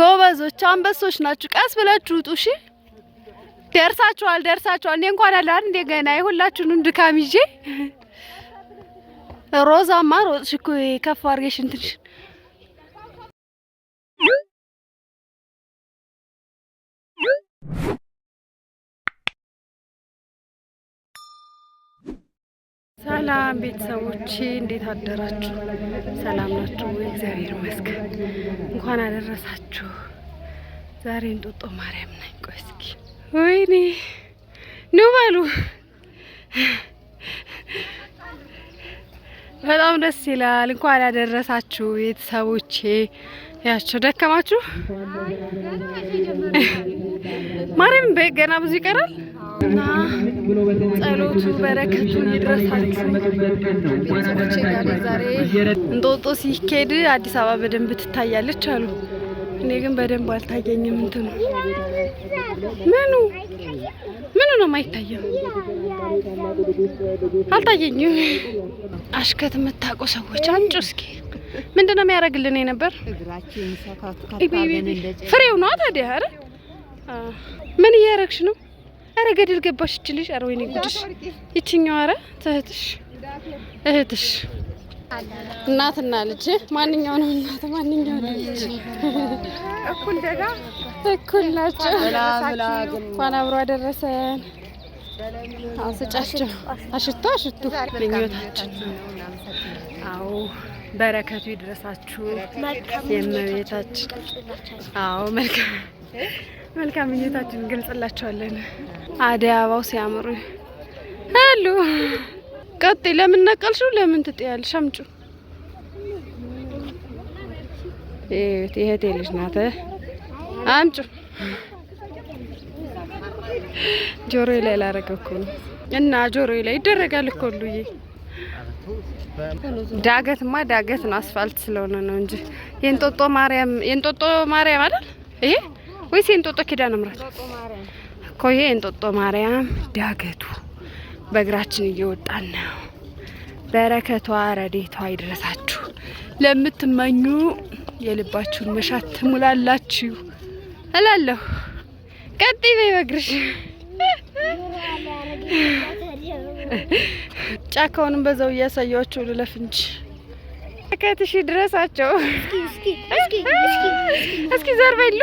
ጎበዞች አንበሶች ናችሁ። ቀስ ብላችሁ ውጡ። እሺ ደርሳችኋል፣ ደርሳችኋል። እኔ እንኳን አለ አንዴ ገና የሁላችሁንም ድካም ይዤ ሮዛማ ሮጥሽ እኮ ከፍ አድርገሽ እንትንሽ ሰላም ቤተሰቦች እንዴት አደራችሁ? ሰላም ናችሁ? እግዚአብሔር ይመስገን። እንኳን አደረሳችሁ። ዛሬ እንጦጦ ማርያም ነኝ። ቆይ እስኪ ወይኔ ኑ በሉ። በጣም ደስ ይላል። እንኳን ያደረሳችሁ ቤተሰቦቼ። ያቸው ደከማችሁ ማርያም ገና ብዙ ይቀራል። እና ጸሎቱ በረከቱ ይድረሳችሁ። ቤተሰቦቼ ጋር እንጦጦ ሲሄድ አዲስ አበባ በደንብ ትታያለች አሉ። እኔ ግን በደንብ አልታየኝም። እንትኑ ምኑ ምኑ ነው ማይታየው? አልታየኝም። አሽከት የምታውቁ ሰዎች አንጩ እስኪ ምንድን ነው የሚያደርግልን የነበር ፍሬው ነዋ። ታዲያ ኧረ ምን እያደረግሽ ነው? አረ ገደል ገባሽ እች ልጅ። አረ ወይኔ ጉድሽ ይችኛው። አረ እህትሽ እህትሽ እናትና ልጅ ማንኛው ነው እናት ማንኛው ነው ልጅ? እኩል ደጋ እኩል ናቸው። እንኳን አብሮ አደረሰን። አስጫቸው አሽቶ አሽቶ ምኞታችን አዎ በረከቱ ይድረሳችሁ የእመቤታችን አዎ መልካም መልካም ምኞታችን እንገልጽላቸዋለን። አደይ አበባው ሲያምሩ አሉ። ቀጤ ለምን ነቀልሽው? ለምን ትጥያለሽ? አምጩ ይሄቴ ልጅ ናት። አምጩ ጆሮ ላይ ላረገ እኮ ነው እና ጆሮ ላይ ይደረጋል እኮ ሉዬ። ዳገትማ ዳገት ነው፣ አስፋልት ስለሆነ ነው እንጂ የእንጦጦ ማርያም የእንጦጦ ማርያም አይደል ይሄ ወይስ የእንጦጦ ኪዳነ ምሕረት እኮ? ይሄ የእንጦጦ ማርያም ዳገቱ በእግራችን እየወጣን ነው። በረከቷ ረዴቷ ይድረሳችሁ። ለምትመኙ የልባችሁን መሻት ትሙላላችሁ እላለሁ። ቀጥ በይ በእግርሽ። ጫካውንም በዛው እያሳያችሁ ልለፍ እንጂ በረከትሽ ይድረሳቸው። እስኪ ዘርበሉ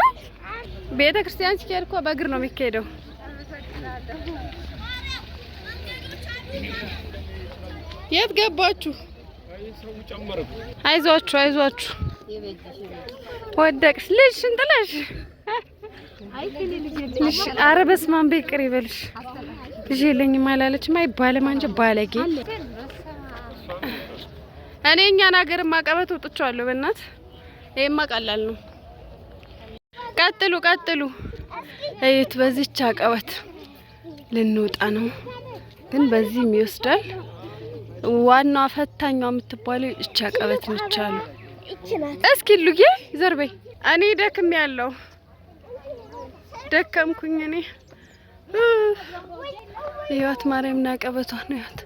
ቤተ ክርስቲያን ሲካሄድ እኮ በእግር ነው የሚካሄደው። የት ገባችሁ? አይዟችሁ፣ አይዟችሁ። ወደቅሽ ልጅሽን ጥለሽ። ኧረ በስመ አብ ይቅር ይበልሽ። ልጅ የለኝም አላለችም አይባልም። አንቺ ባለጌ እኔ እኛን ሀገር ማቀበት ወጥቻለሁ። በእናት ይሄማ ቀላል ነው። ቀጥሉ ቀጥሉ። እዩት፣ በዚች አቀበት ልንወጣ ነው፣ ግን በዚህም ይወስዳል። ዋናዋ ፈታኛ የምትባለው እች አቀበት ነች አሉ። እስኪ ሉጌ ዘርበይ። እኔ ደክም ያለው ደከምኩኝ እኔ ህይወት ማርያምና ነው። ህይወት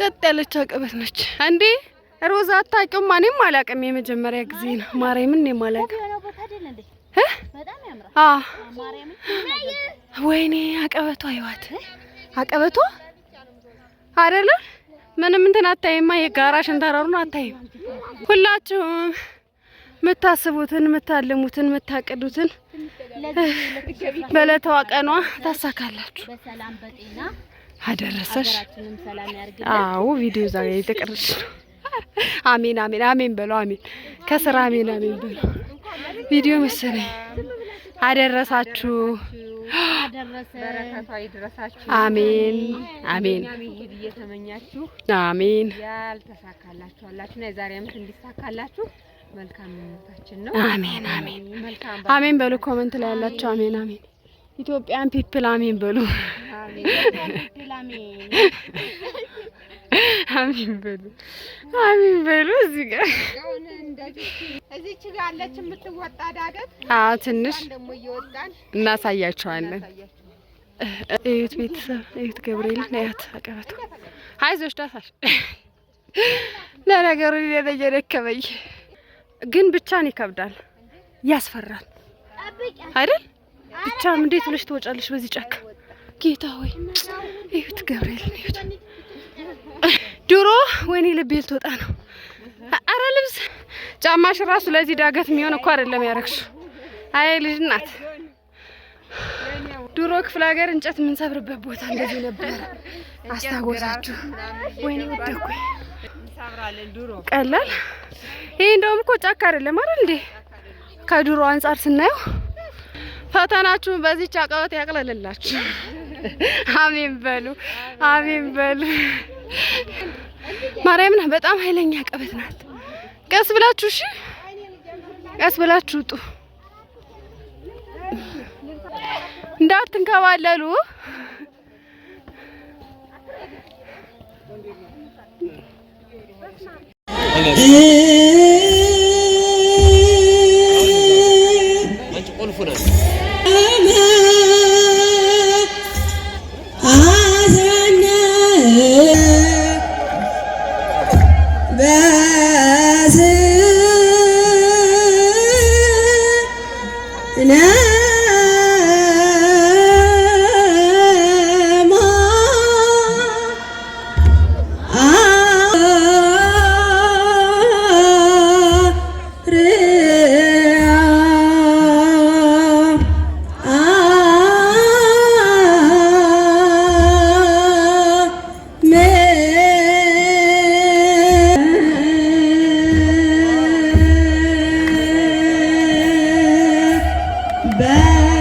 ቀጥ ያለች አቀበት ነች። እንዴ ሮዛ አታውቂውም? እኔም አላውቅም። የመጀመሪያ ጊዜ ነው ማርያምን እኔም አላውቅም። ወይኔ አቀበቷ ይዋት አቀበቷ አይደለም። ምንም እንትን አታይማ። የጋራ ሽንተረሩን አታይም። ሁላችሁም የምታስቡትን፣ የምታልሙትን፣ የምታቅዱትን በለተዋ ቀኗ ታሳካላችሁ። አደረሰሽ። አዎ ቪዲዮ ዛሬ የተቀረጽሽ። አሜን አሜን አሜን በለው። አሜን ከስራ አሜን አሜን በለው። ቪዲዮ መሰለኝ አደረሳችሁ። በረከቷ አሜን አሜን እየተመኛችሁ አሜን። ያልተሳካላችሁ አላችሁና የዛሬ እንዲሳካላችሁ መልካም ምኞታችን ነው። አሜን አሜን አሜን በሉ። ኮመንት ላይ ያላችሁ አሜን አሜን። ኢትዮጵያን ፒፕል አሜን በሉ። አሜን በሉ። አሜን በሉ እዚህ ጋር እዚች ጋ አለች የምትወጣ አዎ ትንሽ እናሳያቸዋለን። እዩት ቤተሰብ እዩት፣ ገብርኤል እያት አቀበቱ። አይዞሽ ዳሳሽ። ለነገሩ ግን ብቻን ይከብዳል፣ ያስፈራል አይደል? ብቻም እንዴት ብለሽ ትወጫለሽ በዚህ ጫካ? ጌታ ሆይ እዩት፣ እዩት። ድሮ ወይኔ ነው አረ ልብስ ጫማሽ ራሱ ለዚህ ዳገት የሚሆን እኮ አይደለም ያረግሽ። አይ ልጅ ናት። ድሮ ክፍለ ሀገር እንጨት የምንሰብርበት ቦታ እንደዚህ ነበር። አስታወሳችሁ? ወይኔ ወደኩ። ቀላል ይህ እንደውም እኮ ጫካ አይደለም አይደል እንዴ? ከድሮ አንጻር ስናየው ፈተናችሁን በዚህ ጫቃወት ያቅለልላችሁ። አሜን በሉ፣ አሜን በሉ። ማርያምና በጣም ኃይለኛ ቀበት ናት። ቀስ ብላችሁ እሺ፣ ቀስ ብላችሁ ውጡ፣ እንዳትንከባለሉ። Good night. Yeah.